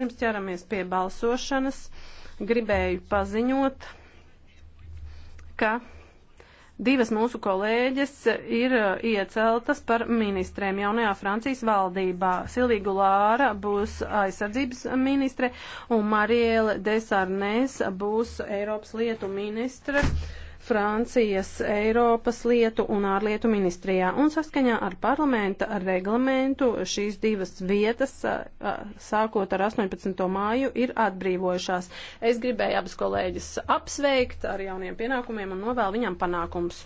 Pirms ķeramies pie balsošanas, gribēju paziņot, ka divas mūsu kolēģes ir uh, ieceltas par ministrēm jaunajā Francijas valdībā. Silīgu Lāra būs aizsardzības ministre un Mariela Desarnēs būs Eiropas lietu ministre. Francijas Eiropas lietu un ārlietu ministrijā. Un saskaņā ar parlamenta reglamentu šīs divas vietas, sākot ar 18. māju, ir atbrīvojušās. Es gribēju abas kolēģis apsveikt ar jauniem pienākumiem un novēlu viņam panākums.